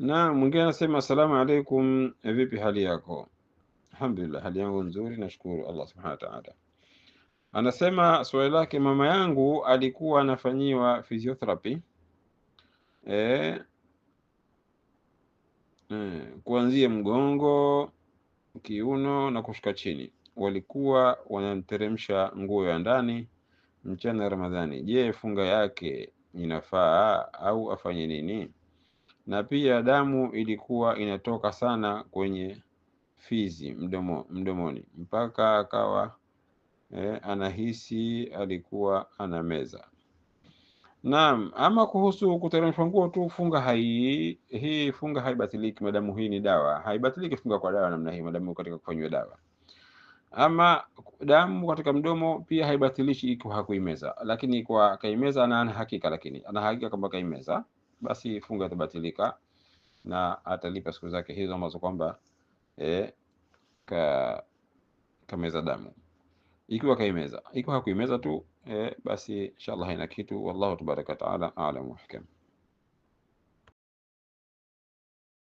Na mwingine anasema assalamu alaikum, eh, vipi hali yako? Alhamdulillah, hali yangu nzuri, nashukuru Allah subhanahu wa ta'ala. Anasema swali lake, mama yangu alikuwa anafanyiwa physiotherapy e, e, kuanzia mgongo, kiuno na kushuka chini, walikuwa wanamteremsha nguo ya ndani mchana ya Ramadhani. Je, funga yake inafaa au afanye nini? na pia damu ilikuwa inatoka sana kwenye fizi mdomo, mdomoni mpaka akawa eh, anahisi alikuwa anameza. Naam, ama kuhusu kuteremshwa nguo tu funga hai, hii funga haibatiliki madamu hii ni dawa, haibatiliki funga kwa dawa namna hii madamu katika kufanywa dawa. Ama damu katika mdomo pia haibatilishi iko hakuimeza, lakini kwa kaimeza ana hakika, lakini ana hakika kwamba kaimeza basi funga atabatilika na atalipa siku zake hizo ambazo kwamba eh, ka kameza damu. Ikiwa kaimeza, ikiwa hakuimeza tu eh, basi inshallah haina kitu. Wallahu tabaraka wataala aalam wa hukam.